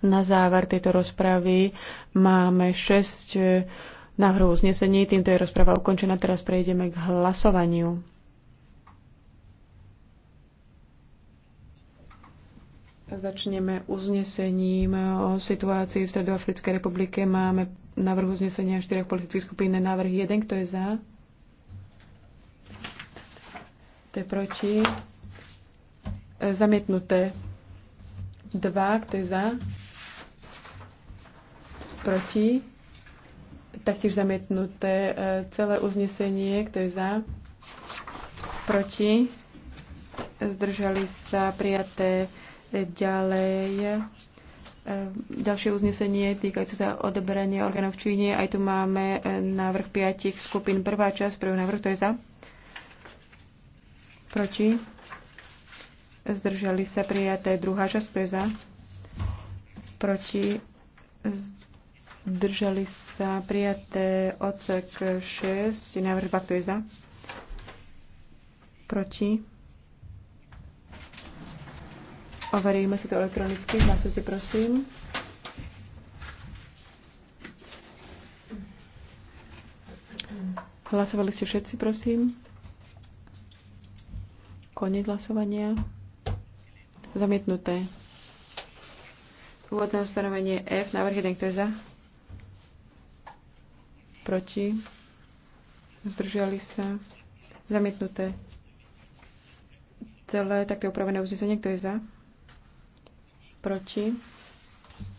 Na záver tejto rozpravy máme 6 eh, návrhov uznesení. Týmto je rozprava ukončená. Teraz prejdeme k hlasovaniu. Začneme uznesením o situácii v Stredoafrickej republike. Máme návrh uznesenia štyroch politických skupín. Návrh 1, kto je za? To je proti. Eh, zamietnuté. 2, kto je za? proti, taktiež zamietnuté e, celé uznesenie, kto je za, proti, zdržali sa prijaté e, ďalej. E, ďalšie uznesenie týkajúce sa odebrania orgánov v Číne. Aj tu máme návrh piatich skupín. Prvá časť, prvý návrh, to je za. Proti. Zdržali sa prijaté. Druhá časť, to je za. Proti. Držali sa prijaté odsek 6. Návrh 2, kto je za? Proti? Overíme si to elektronicky. Hlasujte, prosím. Hlasovali ste všetci, prosím. Koniec hlasovania. Zamietnuté. Úvodné ustanovenie F. Návrh 1, kto je za? proti, zdržali sa, zamietnuté. Celé takto upravené uznesenie, kto je za, proti,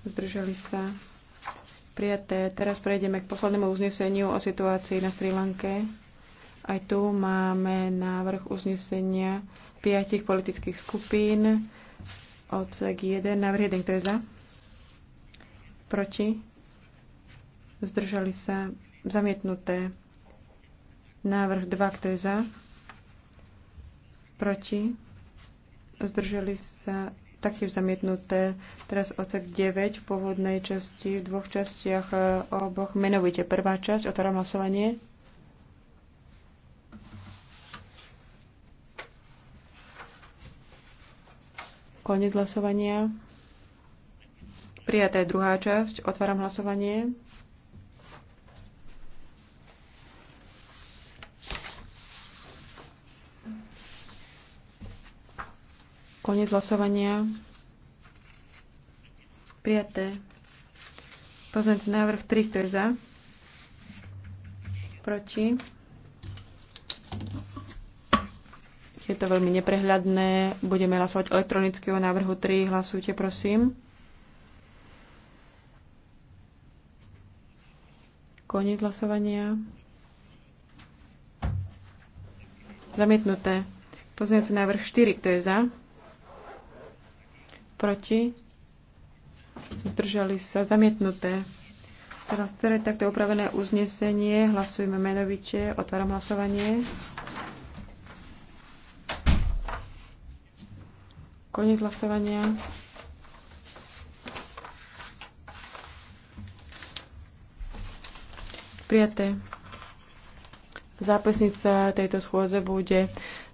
zdržali sa, prijaté. Teraz prejdeme k poslednému uzneseniu o situácii na Sri Lanke. Aj tu máme návrh uznesenia piatich politických skupín. Odsek 1, návrh 1, kto je za? Proti? Zdržali sa Zamietnuté. Návrh 2, kto je za? Proti? Zdržali sa taktiež zamietnuté. Teraz ocek 9 v pôvodnej časti, v dvoch častiach e, oboch. Menovite prvá časť, ktorom hlasovanie. Konec hlasovania. Prijatá je druhá časť. Otváram hlasovanie. Koniec hlasovania. Prijaté. Pozmeňujúci návrh 3, kto je za? Proti? Je to veľmi neprehľadné. Budeme hlasovať elektronicky o návrhu 3. Hlasujte, prosím. Koniec hlasovania. Zamietnuté. Pozmeňujúci návrh 4, kto je za? proti, zdržali sa zamietnuté. Teraz celé takto upravené uznesenie hlasujeme menovite. Otváram hlasovanie. Koniec hlasovania. Prijaté. Zápisnica tejto schôze bude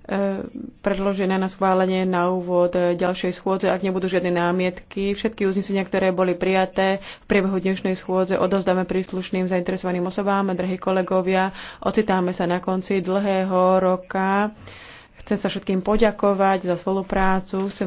E, predložené na schválenie na úvod e, ďalšej schôdze, ak nebudú žiadne námietky. Všetky uznesenia, ktoré boli prijaté v priebehu dnešnej schôdze, odozdáme príslušným zainteresovaným osobám. Drahí kolegovia, ocitáme sa na konci dlhého roka. Chcem sa všetkým poďakovať za spoluprácu. Chcem